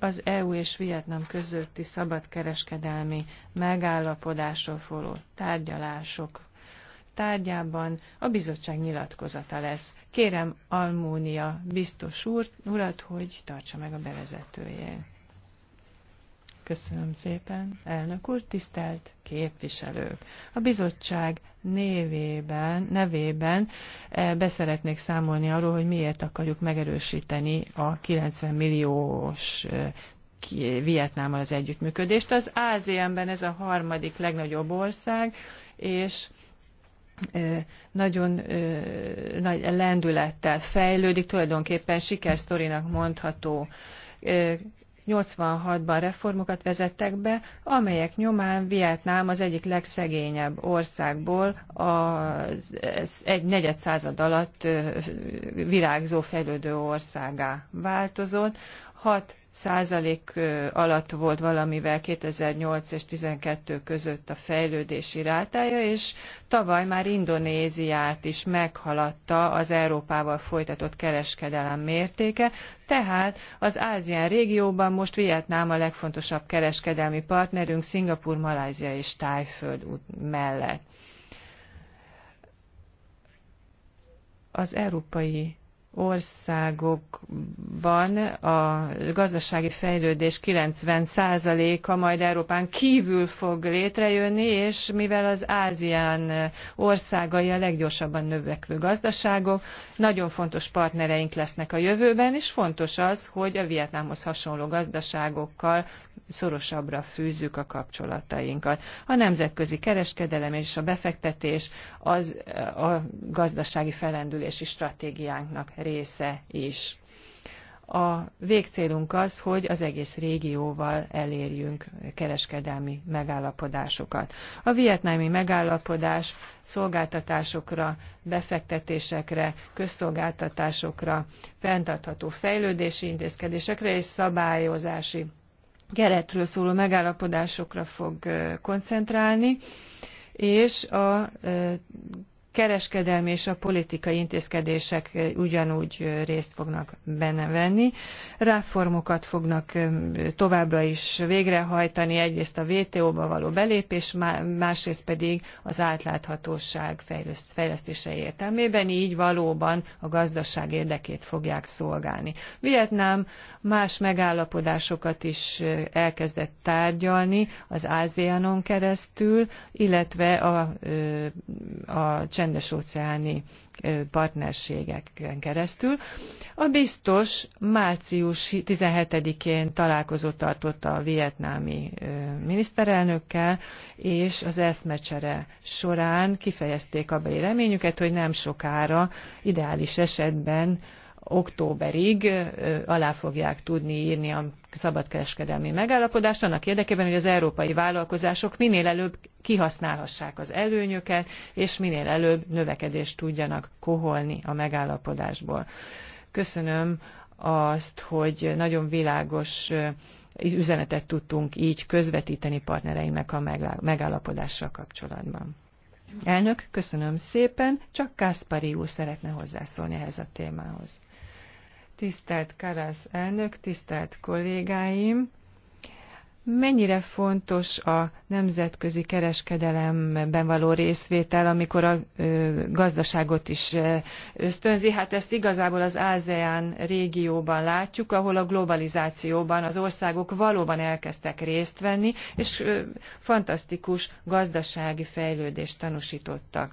az EU és Vietnam közötti szabadkereskedelmi megállapodásról szóló tárgyalások tárgyában a bizottság nyilatkozata lesz. Kérem Almónia biztos úr, urat, hogy tartsa meg a bevezetőjét. Köszönöm szépen, elnök úr, tisztelt képviselők! A bizottság névében, nevében eh, beszeretnék számolni arról, hogy miért akarjuk megerősíteni a 90 milliós eh, Vietnámmal az együttműködést. Az Ázénben ez a harmadik legnagyobb ország, és eh, nagyon nagy lendülettel fejlődik, tulajdonképpen sikersztorinak mondható 86-ban reformokat vezettek be, amelyek nyomán Vietnám az egyik legszegényebb országból az egy negyed század alatt virágzó fejlődő országá változott. Hat százalék alatt volt valamivel 2008 és 2012 között a fejlődési rátája, és tavaly már Indonéziát is meghaladta az Európával folytatott kereskedelem mértéke, tehát az Ázián régióban most Vietnám a legfontosabb kereskedelmi partnerünk Szingapur, Malázia és Tájföld mellett. Az európai országokban a gazdasági fejlődés 90%-a majd Európán kívül fog létrejönni, és mivel az Ázián országai a leggyorsabban növekvő gazdaságok, nagyon fontos partnereink lesznek a jövőben, és fontos az, hogy a Vietnámhoz hasonló gazdaságokkal szorosabbra fűzzük a kapcsolatainkat. A nemzetközi kereskedelem és a befektetés az a gazdasági felendülési stratégiánknak része is. A végcélunk az, hogy az egész régióval elérjünk kereskedelmi megállapodásokat. A vietnámi megállapodás szolgáltatásokra, befektetésekre, közszolgáltatásokra, fenntartható fejlődési intézkedésekre és szabályozási keretről szóló megállapodásokra fog koncentrálni, és a kereskedelmi és a politikai intézkedések ugyanúgy részt fognak benne venni. Ráformokat fognak továbbra is végrehajtani, egyrészt a WTO-ba való belépés, másrészt pedig az átláthatóság fejlesztése értelmében, így valóban a gazdaság érdekét fogják szolgálni. Vietnám más megállapodásokat is elkezdett tárgyalni az áziánon keresztül, illetve a, a csendes óceáni partnerségeken keresztül. A biztos március 17-én találkozót tartott a vietnámi miniszterelnökkel, és az eszmecsere során kifejezték a reményüket, hogy nem sokára ideális esetben októberig alá fogják tudni írni a szabadkereskedelmi megállapodást, annak érdekében, hogy az európai vállalkozások minél előbb kihasználhassák az előnyöket, és minél előbb növekedést tudjanak koholni a megállapodásból. Köszönöm azt, hogy nagyon világos üzenetet tudtunk így közvetíteni partnereinknek a megállapodással kapcsolatban. Elnök, köszönöm szépen, csak Kászpari úr szeretne hozzászólni ehhez a témához tisztelt Karasz elnök, tisztelt kollégáim! Mennyire fontos a nemzetközi kereskedelemben való részvétel, amikor a gazdaságot is ösztönzi? Hát ezt igazából az ASEAN régióban látjuk, ahol a globalizációban az országok valóban elkezdtek részt venni, és fantasztikus gazdasági fejlődést tanúsítottak.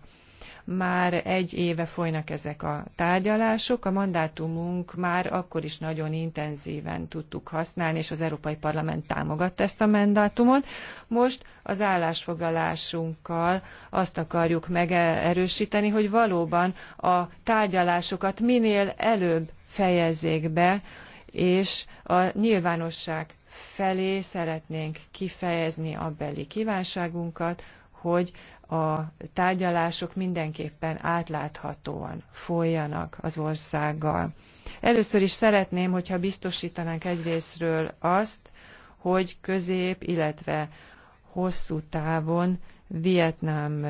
Már egy éve folynak ezek a tárgyalások, a mandátumunk már akkor is nagyon intenzíven tudtuk használni, és az Európai Parlament támogatta ezt a mandátumot. Most az állásfoglalásunkkal azt akarjuk megerősíteni, hogy valóban a tárgyalásokat minél előbb fejezzék be, és a nyilvánosság felé szeretnénk kifejezni a beli kívánságunkat, hogy a tárgyalások mindenképpen átláthatóan folyjanak az országgal. Először is szeretném, hogyha biztosítanánk egyrésztről azt, hogy közép, illetve hosszú távon Vietnám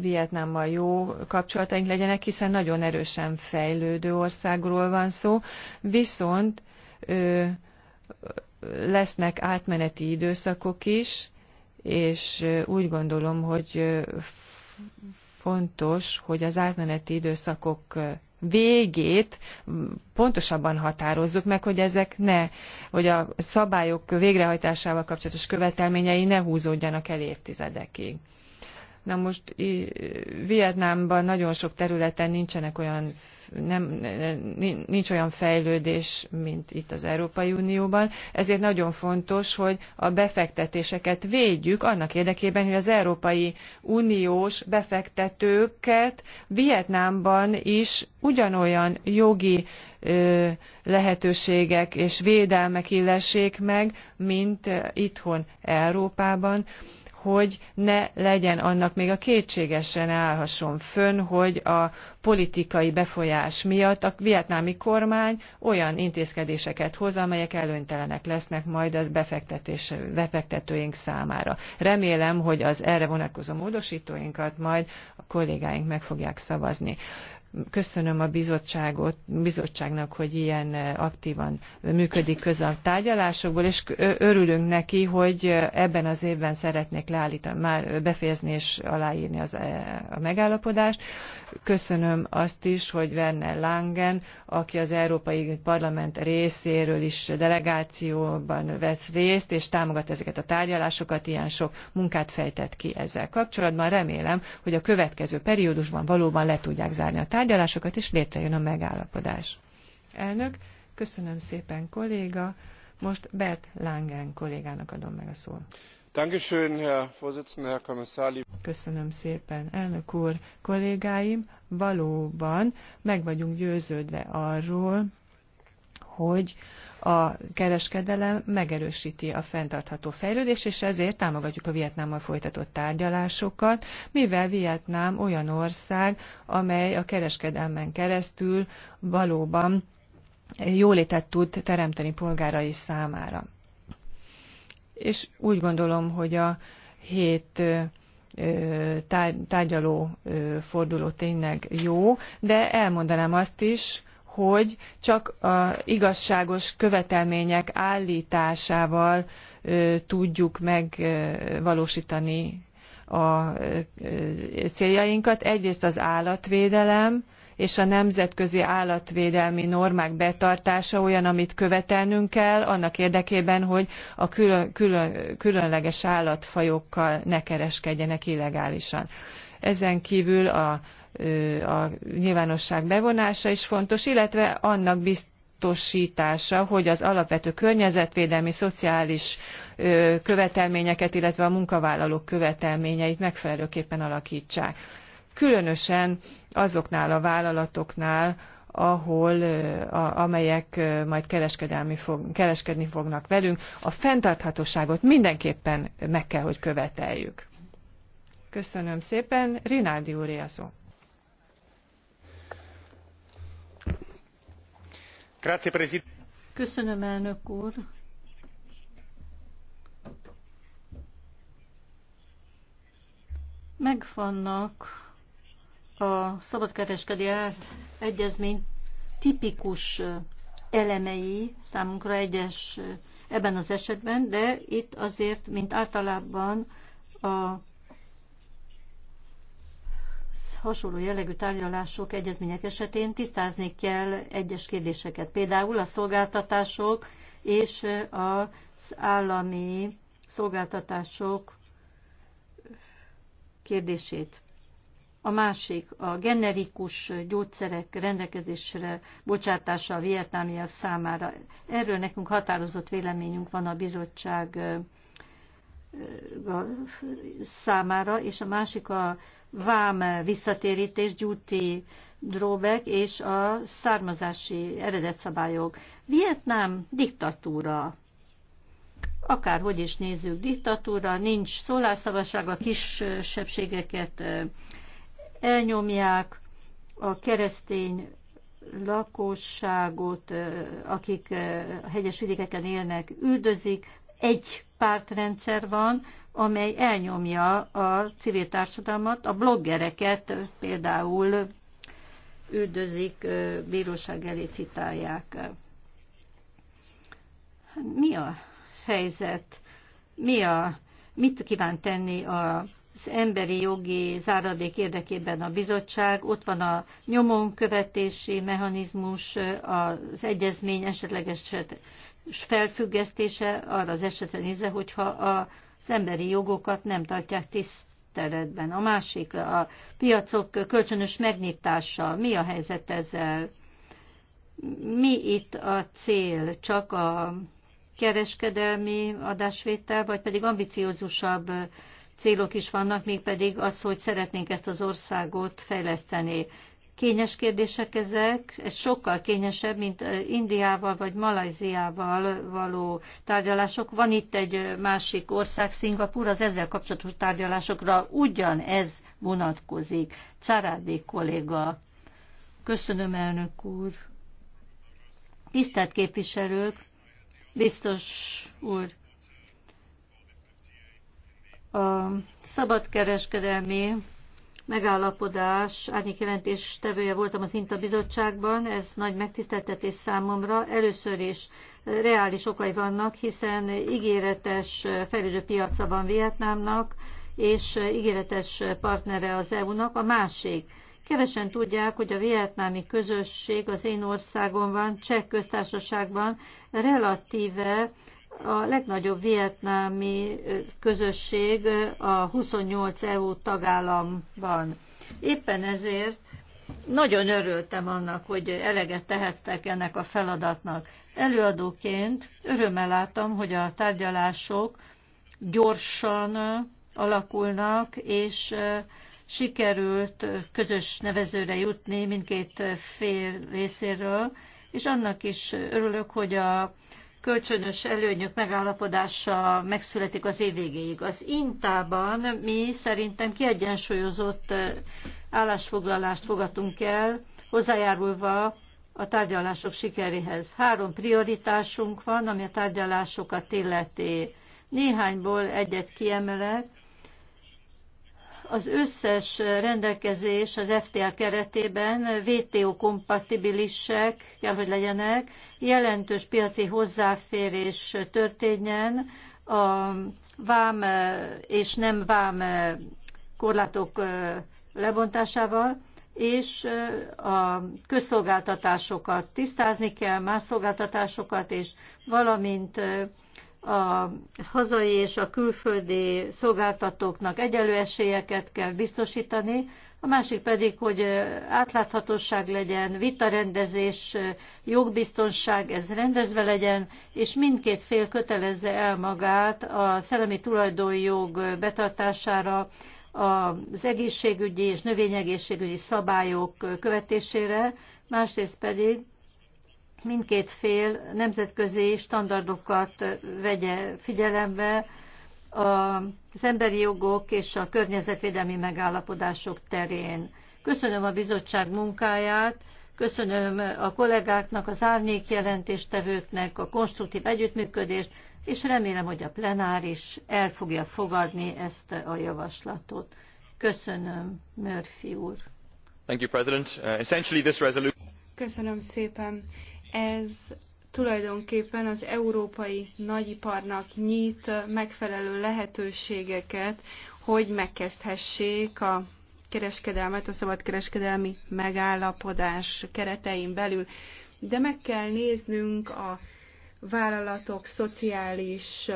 Vietnámmal jó kapcsolataink legyenek, hiszen nagyon erősen fejlődő országról van szó, viszont lesznek átmeneti időszakok is, és úgy gondolom, hogy fontos, hogy az átmeneti időszakok végét pontosabban határozzuk meg, hogy ezek ne, hogy a szabályok végrehajtásával kapcsolatos követelményei ne húzódjanak el évtizedekig. Na most Vietnámban nagyon sok területen nincsenek olyan, nem, nincs olyan fejlődés, mint itt az Európai Unióban, ezért nagyon fontos, hogy a befektetéseket védjük annak érdekében, hogy az Európai Uniós befektetőket Vietnámban is ugyanolyan jogi lehetőségek és védelmek illessék meg, mint itthon Európában hogy ne legyen annak még a kétségesen állhasson fönn, hogy a politikai befolyás miatt a vietnámi kormány olyan intézkedéseket hoz, amelyek előnytelenek lesznek majd az befektetőink számára. Remélem, hogy az erre vonatkozó módosítóinkat majd a kollégáink meg fogják szavazni köszönöm a bizottságot, bizottságnak, hogy ilyen aktívan működik közel a tárgyalásokból, és örülünk neki, hogy ebben az évben szeretnék leállítani, már befejezni és aláírni az, e, a megállapodást. Köszönöm azt is, hogy Werner Langen, aki az Európai Parlament részéről is delegációban vesz részt, és támogat ezeket a tárgyalásokat, ilyen sok munkát fejtett ki ezzel kapcsolatban. Remélem, hogy a következő periódusban valóban le tudják zárni a tárgyalásokat, tárgyalásokat, és létrejön a megállapodás. Elnök, köszönöm szépen kolléga, most Bert Langen kollégának adom meg a szót. Köszönöm szépen, elnök úr, kollégáim, valóban meg vagyunk győződve arról, hogy a kereskedelem megerősíti a fenntartható fejlődést, és ezért támogatjuk a Vietnámmal folytatott tárgyalásokat, mivel Vietnám olyan ország, amely a kereskedelmen keresztül valóban jólétet tud teremteni polgárai számára. És úgy gondolom, hogy a hét tárgyaló forduló tényleg jó, de elmondanám azt is, hogy csak a igazságos követelmények állításával tudjuk megvalósítani a céljainkat. Egyrészt az állatvédelem, és a nemzetközi állatvédelmi normák betartása olyan, amit követelnünk kell, annak érdekében, hogy a külön, külön, különleges állatfajokkal ne kereskedjenek illegálisan. Ezen kívül a a nyilvánosság bevonása is fontos, illetve annak biztosítása, hogy az alapvető környezetvédelmi, szociális követelményeket, illetve a munkavállalók követelményeit megfelelőképpen alakítsák. Különösen azoknál a vállalatoknál, ahol, a, amelyek majd kereskedelmi fog, kereskedni fognak velünk, a fenntarthatóságot mindenképpen meg kell, hogy követeljük. Köszönöm szépen, Rinaldi úr, Köszönöm, elnök úr. Megvannak a szabadkereskedelmi egyezmény tipikus elemei számunkra egyes ebben az esetben, de itt azért, mint általában a hasonló jellegű tárgyalások, egyezmények esetén tisztázni kell egyes kérdéseket. Például a szolgáltatások és az állami szolgáltatások kérdését. A másik a generikus gyógyszerek rendelkezésre bocsátása a vietnámiak számára. Erről nekünk határozott véleményünk van a bizottság számára, és a másik a vám visszatérítés, gyúti drawback és a származási eredetszabályok. Vietnám diktatúra. Akárhogy is nézzük, diktatúra, nincs szólásszabadság, a kisebbségeket elnyomják, a keresztény lakosságot, akik a hegyes vidékeken élnek, üldözik, egy pártrendszer van, amely elnyomja a civil társadalmat, a bloggereket például üldözik, bíróság elé citálják. Hát mi a helyzet? Mi a, mit kíván tenni a az emberi jogi záradék érdekében a bizottság, ott van a nyomonkövetési mechanizmus, az egyezmény esetleges felfüggesztése arra az esetre nézve, hogyha az emberi jogokat nem tartják tiszteletben. A másik, a piacok kölcsönös megnyitása. Mi a helyzet ezzel? Mi itt a cél? Csak a kereskedelmi adásvétel, vagy pedig ambiciózusabb célok is vannak, mégpedig az, hogy szeretnénk ezt az országot fejleszteni. Kényes kérdések ezek, ez sokkal kényesebb, mint Indiával vagy Malajziával való tárgyalások. Van itt egy másik ország, Szingapur, az ezzel kapcsolatos tárgyalásokra ugyanez vonatkozik. Csárádi kolléga. Köszönöm, elnök úr. Tisztelt képviselők, biztos úr, a szabadkereskedelmi megállapodás jelentés tevője voltam az INTA bizottságban, ez nagy megtiszteltetés számomra. Először is reális okai vannak, hiszen ígéretes felülő piaca van Vietnámnak, és ígéretes partnere az EU-nak. A másik, Kevesen tudják, hogy a vietnámi közösség az én országomban, Cseh köztársaságban relatíve a legnagyobb vietnámi közösség a 28 EU tagállamban. Éppen ezért nagyon örültem annak, hogy eleget tehettek ennek a feladatnak. Előadóként örömmel láttam, hogy a tárgyalások gyorsan alakulnak, és sikerült közös nevezőre jutni mindkét fél részéről, és annak is örülök, hogy a kölcsönös előnyök megállapodása megszületik az év végéig. Az Intában mi szerintem kiegyensúlyozott állásfoglalást fogadtunk el, hozzájárulva a tárgyalások sikeréhez. Három prioritásunk van, ami a tárgyalásokat illeti. Néhányból egyet kiemelek, az összes rendelkezés az FTA keretében WTO kompatibilisek kell, hogy legyenek, jelentős piaci hozzáférés történjen, a vám és nem vám korlátok lebontásával, és a közszolgáltatásokat tisztázni kell, más szolgáltatásokat, és valamint a hazai és a külföldi szolgáltatóknak egyelő esélyeket kell biztosítani, a másik pedig, hogy átláthatóság legyen, vitarendezés, jogbiztonság, ez rendezve legyen, és mindkét fél kötelezze el magát a szellemi tulajdonjog betartására, az egészségügyi és növényegészségügyi szabályok követésére, másrészt pedig mindkét fél nemzetközi standardokat vegye figyelembe az emberi jogok és a környezetvédelmi megállapodások terén. Köszönöm a bizottság munkáját, köszönöm a kollégáknak, az árnyék jelentéstevőknek a konstruktív együttműködést, és remélem, hogy a plenáris el fogja fogadni ezt a javaslatot. Köszönöm, Murphy úr. Thank you, President. Uh, essentially this resolution... Köszönöm szépen. Ez tulajdonképpen az európai nagyiparnak nyit megfelelő lehetőségeket, hogy megkezdhessék a kereskedelmet a szabadkereskedelmi megállapodás keretein belül. De meg kell néznünk a vállalatok szociális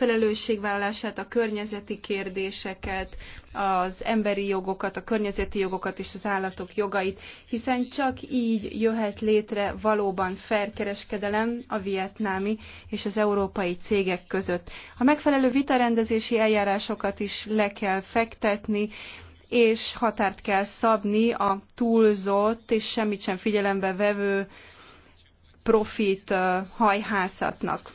felelősségvállalását, a környezeti kérdéseket, az emberi jogokat, a környezeti jogokat és az állatok jogait, hiszen csak így jöhet létre valóban fair kereskedelem a vietnámi és az európai cégek között. A megfelelő vitarendezési eljárásokat is le kell fektetni, és határt kell szabni a túlzott és semmit sem figyelembe vevő profit hajhászatnak.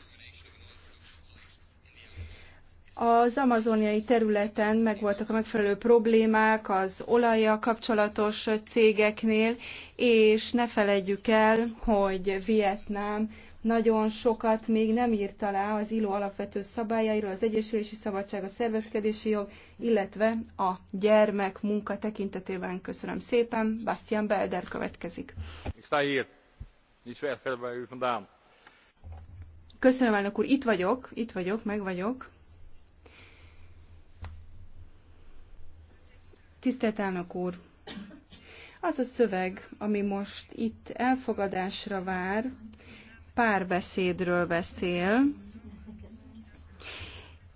Az amazoniai területen megvoltak a megfelelő problémák az olajjal kapcsolatos cégeknél, és ne felejtjük el, hogy Vietnám nagyon sokat még nem írt alá az ILO alapvető szabályairól, az egyesülési szabadság, a szervezkedési jog, illetve a gyermek munka tekintetében. Köszönöm szépen, Bastian Belder következik. Köszönöm, elnök úr, itt vagyok, itt vagyok, meg vagyok. Tisztelt elnök úr! Az a szöveg, ami most itt elfogadásra vár, párbeszédről beszél,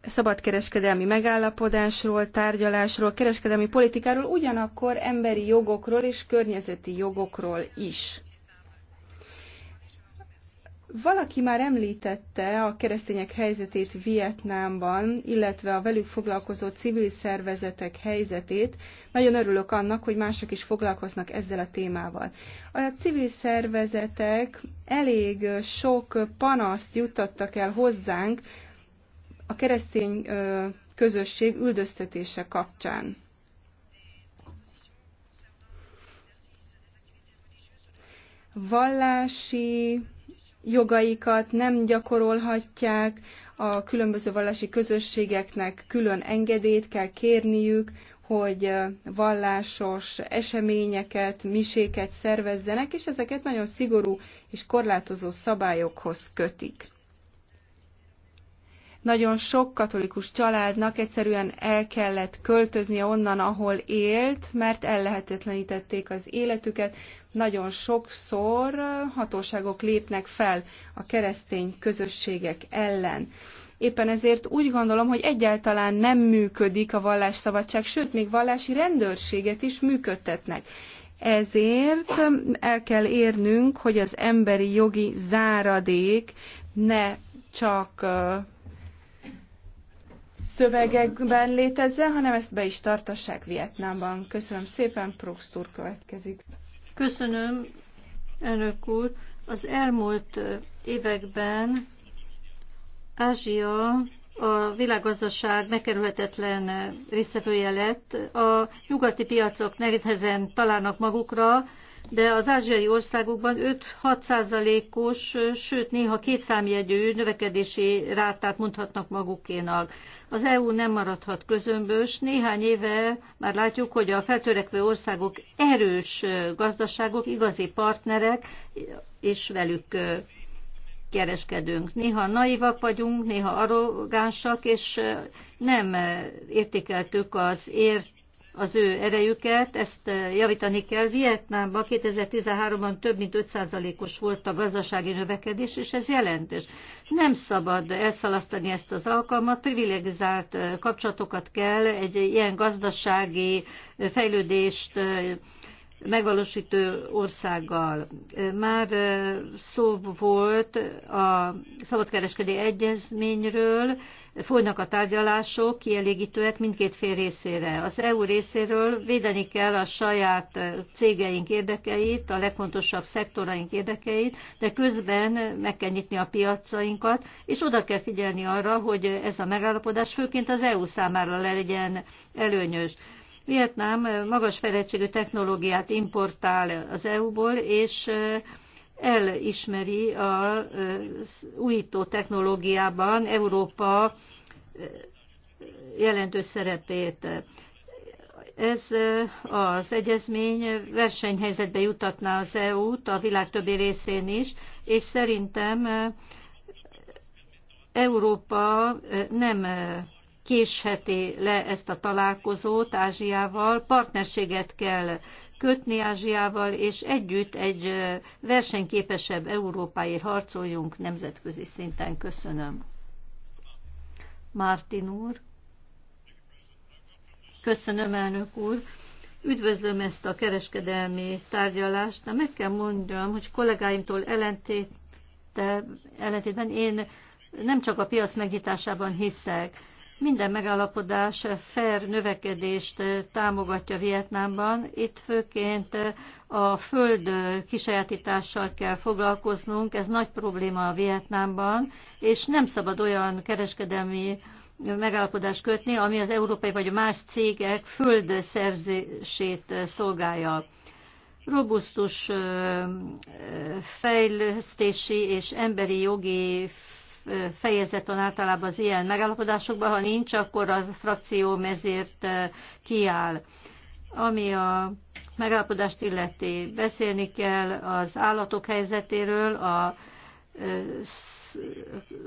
szabadkereskedelmi megállapodásról, tárgyalásról, kereskedelmi politikáról, ugyanakkor emberi jogokról és környezeti jogokról is. Valaki már említette a keresztények helyzetét Vietnámban, illetve a velük foglalkozó civil szervezetek helyzetét. Nagyon örülök annak, hogy mások is foglalkoznak ezzel a témával. A civil szervezetek elég sok panaszt juttattak el hozzánk a keresztény közösség üldöztetése kapcsán. Vallási jogaikat nem gyakorolhatják, a különböző vallási közösségeknek külön engedélyt kell kérniük, hogy vallásos eseményeket, miséket szervezzenek, és ezeket nagyon szigorú és korlátozó szabályokhoz kötik. Nagyon sok katolikus családnak egyszerűen el kellett költöznie onnan, ahol élt, mert ellehetetlenítették az életüket. Nagyon sokszor hatóságok lépnek fel a keresztény közösségek ellen. Éppen ezért úgy gondolom, hogy egyáltalán nem működik a vallásszabadság, sőt, még vallási rendőrséget is működtetnek. Ezért el kell érnünk, hogy az emberi jogi záradék ne csak szövegekben létezzen, hanem ezt be is tartassák Vietnámban. Köszönöm szépen, Proust következik. Köszönöm, elnök úr. Az elmúlt években Ázsia a világgazdaság megkerülhetetlen részevője lett. A nyugati piacok nehezen találnak magukra, de az ázsiai országokban 5-6 százalékos, sőt néha kétszámjegyű növekedési rátát mondhatnak magukénak. Az EU nem maradhat közömbös. Néhány éve már látjuk, hogy a feltörekvő országok erős gazdaságok, igazi partnerek, és velük kereskedünk. Néha naivak vagyunk, néha arrogánsak, és nem értékeltük az ért az ő erejüket, ezt eh, javítani kell. Vietnámban 2013-ban több mint 5%-os volt a gazdasági növekedés, és ez jelentős. Nem szabad elszalasztani ezt az alkalmat, privilegizált eh, kapcsolatokat kell egy ilyen gazdasági eh, fejlődést megvalósító országgal. Már szó volt a szabadkereskedő egyezményről, folynak a tárgyalások, kielégítőek mindkét fél részére. Az EU részéről védeni kell a saját cégeink érdekeit, a legfontosabb szektoraink érdekeit, de közben meg kell nyitni a piacainkat, és oda kell figyelni arra, hogy ez a megállapodás főként az EU számára legyen előnyös Vietnám eh, magas fejlettségű technológiát importál az EU-ból, és eh, elismeri a eh, újító technológiában Európa jelentős szerepét. Ez az egyezmény versenyhelyzetbe jutatná az EU-t a világ többi részén is, és szerintem Európa nem késheti le ezt a találkozót Ázsiával, partnerséget kell kötni Ázsiával, és együtt egy versenyképesebb Európáért harcoljunk nemzetközi szinten. Köszönöm. Mártin úr. Köszönöm, elnök úr. Üdvözlöm ezt a kereskedelmi tárgyalást, de meg kell mondjam, hogy kollégáimtól ellentét, ellentétben én nem csak a piac megnyitásában hiszek, minden megállapodás fair növekedést támogatja Vietnámban. Itt főként a föld kisajátítással kell foglalkoznunk, ez nagy probléma a Vietnámban, és nem szabad olyan kereskedelmi megállapodást kötni, ami az európai vagy más cégek földszerzését szolgálja. Robusztus fejlesztési és emberi jogi fejezet van általában az ilyen megállapodásokban, ha nincs, akkor az frakció ezért kiáll. Ami a megállapodást illeti, beszélni kell az állatok helyzetéről, a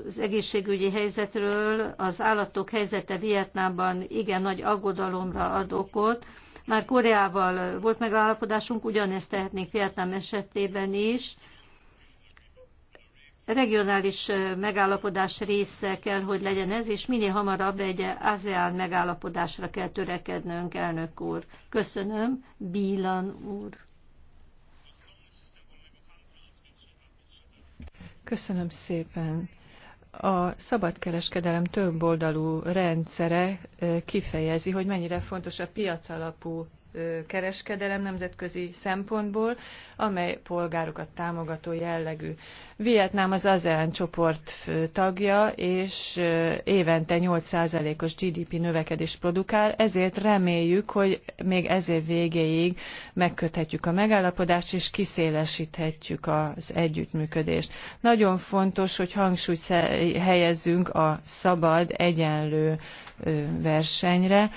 az egészségügyi helyzetről, az állatok helyzete Vietnámban igen nagy aggodalomra ad okot. Már Koreával volt megállapodásunk, ugyanezt tehetnénk Vietnám esetében is regionális megállapodás része kell, hogy legyen ez, és minél hamarabb egy ASEAN megállapodásra kell törekednünk, elnök úr. Köszönöm, Bílan úr. Köszönöm szépen. A szabadkereskedelem több oldalú rendszere kifejezi, hogy mennyire fontos a piacalapú kereskedelem nemzetközi szempontból, amely polgárokat támogató jellegű. Vietnám az ASEAN csoport tagja, és évente 8%-os GDP növekedést produkál, ezért reméljük, hogy még ez év végéig megköthetjük a megállapodást, és kiszélesíthetjük az együttműködést. Nagyon fontos, hogy hangsúlyt helyezzünk a szabad, egyenlő versenyre,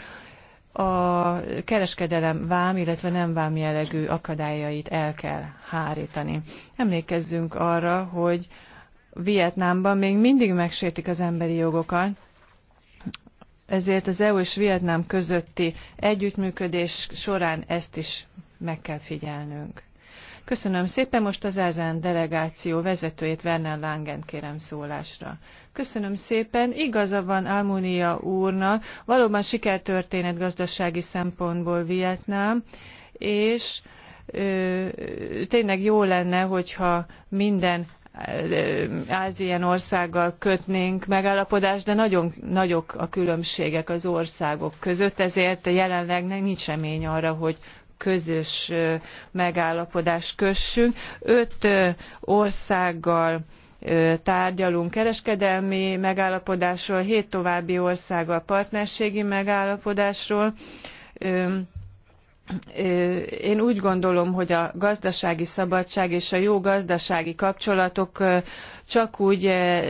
a kereskedelem vám, illetve nem vám jellegű akadályait el kell hárítani. Emlékezzünk arra, hogy Vietnámban még mindig megsértik az emberi jogokat, ezért az EU és Vietnám közötti együttműködés során ezt is meg kell figyelnünk. Köszönöm szépen, most az ezen delegáció vezetőjét, Werner Langen kérem szólásra. Köszönöm szépen, igaza van Almunia úrnak, valóban sikertörténet gazdasági szempontból Vietnám, és ö, tényleg jó lenne, hogyha minden ázien országgal kötnénk megállapodást, de nagyon nagyok a különbségek az országok között, ezért jelenleg nincs remény arra, hogy közös megállapodást kössünk. Öt országgal tárgyalunk kereskedelmi megállapodásról, hét további országgal partnerségi megállapodásról én úgy gondolom, hogy a gazdasági szabadság és a jó gazdasági kapcsolatok csak úgy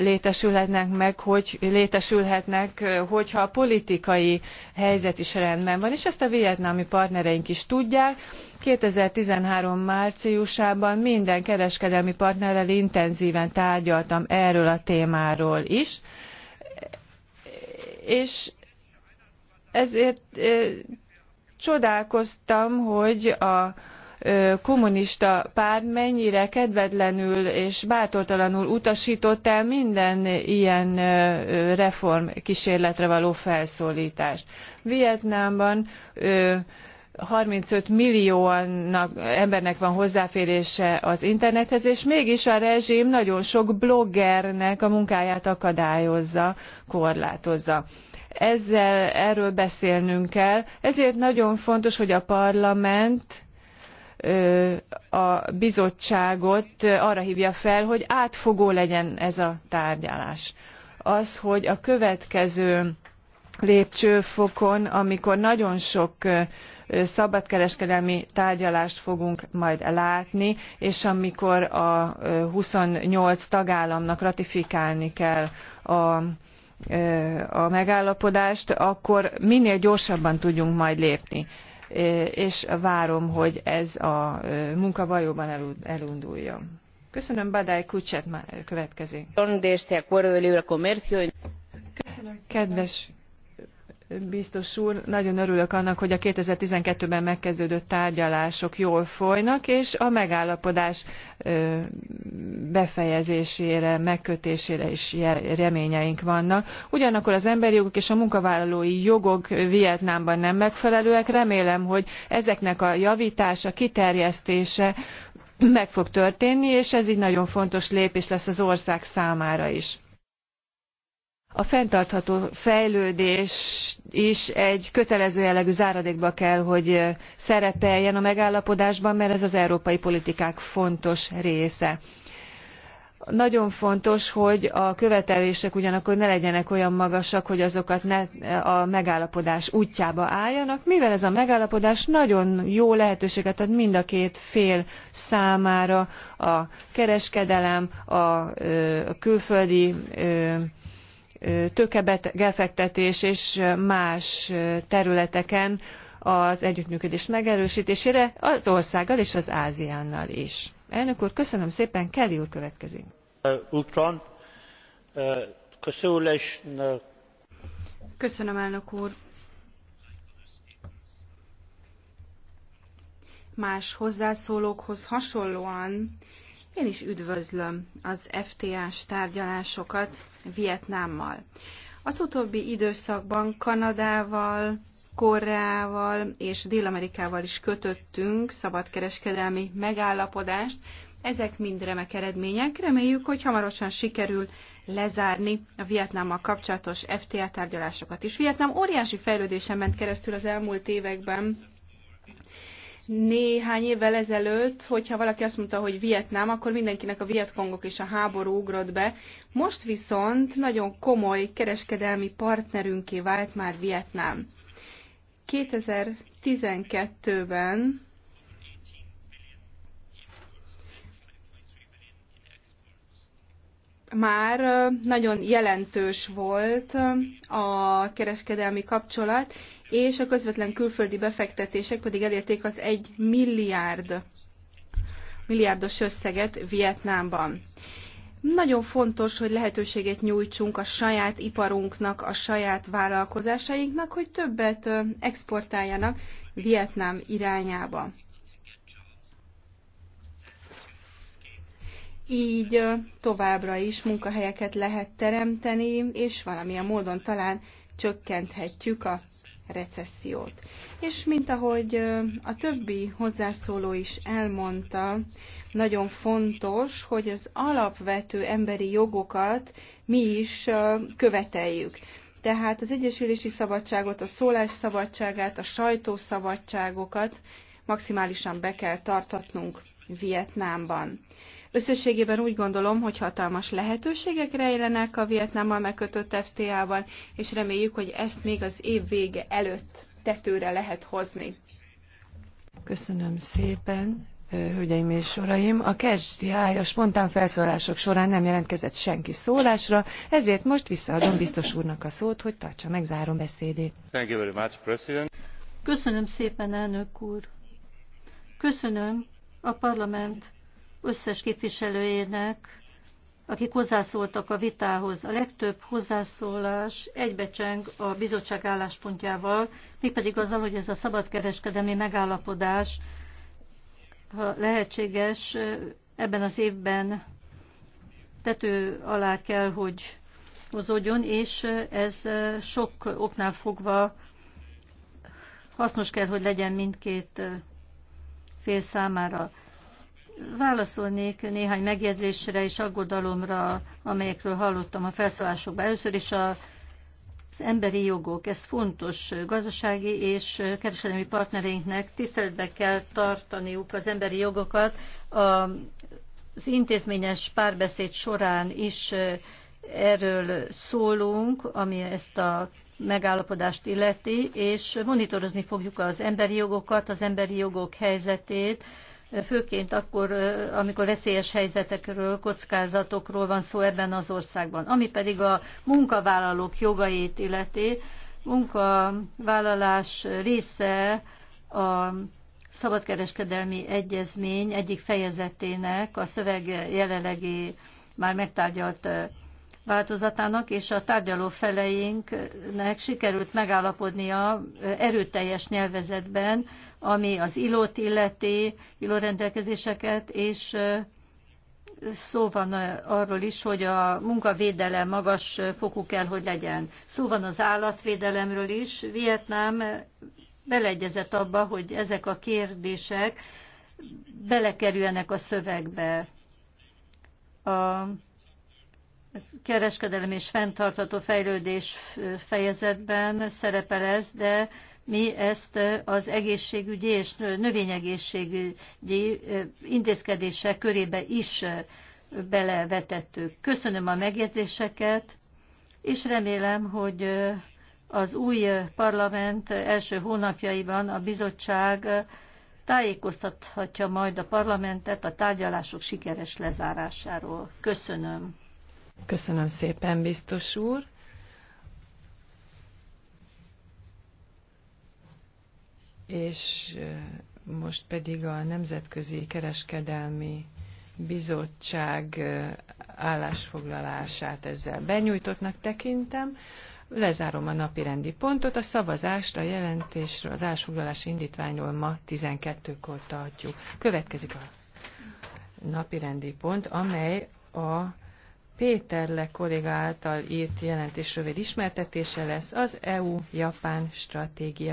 létesülhetnek meg, hogy létesülhetnek, hogyha a politikai helyzet is rendben van, és ezt a vietnámi partnereink is tudják. 2013 márciusában minden kereskedelmi partnerrel intenzíven tárgyaltam erről a témáról is, és ezért csodálkoztam, hogy a kommunista párt mennyire kedvetlenül és bátortalanul utasított el minden ilyen reform kísérletre való felszólítást. Vietnámban 35 millió embernek van hozzáférése az internethez, és mégis a rezsim nagyon sok bloggernek a munkáját akadályozza, korlátozza ezzel erről beszélnünk kell. Ezért nagyon fontos, hogy a parlament a bizottságot arra hívja fel, hogy átfogó legyen ez a tárgyalás. Az, hogy a következő lépcsőfokon, amikor nagyon sok szabadkereskedelmi tárgyalást fogunk majd látni, és amikor a 28 tagállamnak ratifikálni kell a a megállapodást, akkor minél gyorsabban tudjunk majd lépni. És várom, hogy ez a munka valóban elunduljon. Köszönöm, Badály Kucset már következik. Köszönöm Kedves Biztos úr, nagyon örülök annak, hogy a 2012-ben megkezdődött tárgyalások jól folynak, és a megállapodás befejezésére, megkötésére is reményeink vannak. Ugyanakkor az emberi jogok és a munkavállalói jogok Vietnámban nem megfelelőek. Remélem, hogy ezeknek a javítása, kiterjesztése meg fog történni, és ez így nagyon fontos lépés lesz az ország számára is a fenntartható fejlődés is egy kötelező jellegű záradékba kell hogy szerepeljen a megállapodásban mert ez az európai politikák fontos része. nagyon fontos hogy a követelések ugyanakkor ne legyenek olyan magasak hogy azokat ne a megállapodás útjába álljanak mivel ez a megállapodás nagyon jó lehetőséget ad mind a két fél számára a kereskedelem a, a külföldi tőkebefektetés és más területeken az együttműködés megerősítésére az országgal és az Áziánnal is. Elnök úr, köszönöm szépen, Kelly úr következik. Uh, uh, uh, köszönöm, elnök úr. Más hozzászólókhoz hasonlóan én is üdvözlöm az FTA-s tárgyalásokat, Vietnámmal. Az utóbbi időszakban Kanadával, Koreával és Dél-Amerikával is kötöttünk szabadkereskedelmi megállapodást. Ezek mind remek eredmények. Reméljük, hogy hamarosan sikerül lezárni a Vietnámmal kapcsolatos FTA tárgyalásokat is. Vietnám óriási fejlődésen ment keresztül az elmúlt években néhány évvel ezelőtt, hogyha valaki azt mondta, hogy Vietnám, akkor mindenkinek a vietkongok és a háború ugrott be. Most viszont nagyon komoly kereskedelmi partnerünké vált már Vietnám. 2012-ben már nagyon jelentős volt a kereskedelmi kapcsolat, és a közvetlen külföldi befektetések pedig elérték az egy milliárd, milliárdos összeget Vietnámban. Nagyon fontos, hogy lehetőséget nyújtsunk a saját iparunknak, a saját vállalkozásainknak, hogy többet exportáljanak Vietnám irányába. így továbbra is munkahelyeket lehet teremteni, és valamilyen módon talán csökkenthetjük a recessziót. És mint ahogy a többi hozzászóló is elmondta, nagyon fontos, hogy az alapvető emberi jogokat mi is követeljük. Tehát az egyesülési szabadságot, a szólás szabadságát, a sajtószabadságokat maximálisan be kell tartatnunk Vietnámban. Összességében úgy gondolom, hogy hatalmas lehetőségek rejlenek a Vietnámmal megkötött FTA-ban, és reméljük, hogy ezt még az év vége előtt tetőre lehet hozni. Köszönöm szépen. Hölgyeim és uraim, a KSDI a spontán felszólások során nem jelentkezett senki szólásra, ezért most visszaadom biztos úrnak a szót, hogy tartsa meg zárom beszédét. Thank you very much, President. Köszönöm szépen, elnök úr. Köszönöm a parlament összes képviselőjének, akik hozzászóltak a vitához. A legtöbb hozzászólás egybecseng a bizottság álláspontjával, mégpedig azzal, hogy ez a szabadkereskedelmi megállapodás, ha lehetséges, ebben az évben tető alá kell, hogy hozódjon, és ez sok oknál fogva hasznos kell, hogy legyen mindkét fél számára. Válaszolnék néhány megjegyzésre és aggodalomra, amelyekről hallottam a felszólásokban. Először is a az emberi jogok, ez fontos gazdasági és kereskedelmi partnereinknek tiszteletbe kell tartaniuk az emberi jogokat. Az intézményes párbeszéd során is erről szólunk, ami ezt a megállapodást illeti, és monitorozni fogjuk az emberi jogokat, az emberi jogok helyzetét, főként akkor, amikor veszélyes helyzetekről, kockázatokról van szó ebben az országban. Ami pedig a munkavállalók jogait illeti, munkavállalás része a szabadkereskedelmi egyezmény egyik fejezetének a szöveg jelenlegi már megtárgyalt változatának, és a tárgyaló feleinknek sikerült megállapodnia erőteljes nyelvezetben, ami az ilót illeti, ilórendelkezéseket, és szó van arról is, hogy a munkavédelem magas fokú kell, hogy legyen. Szó van az állatvédelemről is. Vietnám beleegyezett abba, hogy ezek a kérdések belekerüljenek a szövegbe. A kereskedelem és fenntartható fejlődés fejezetben szerepel ez, de mi ezt az egészségügyi és növényegészségügyi intézkedések körébe is belevetettük. Köszönöm a megjegyzéseket, és remélem, hogy az új parlament első hónapjaiban a bizottság tájékoztathatja majd a parlamentet a tárgyalások sikeres lezárásáról. Köszönöm. Köszönöm szépen, biztos úr. És most pedig a Nemzetközi Kereskedelmi Bizottság állásfoglalását ezzel benyújtottnak tekintem. Lezárom a napi rendi pontot. A szavazást a jelentésről, az állásfoglalás indítványról ma 12-kor tartjuk. Következik a napi rendi pont, amely a Péterle kolléga által írt jelentés rövid ismertetése lesz az EU-Japán stratégia.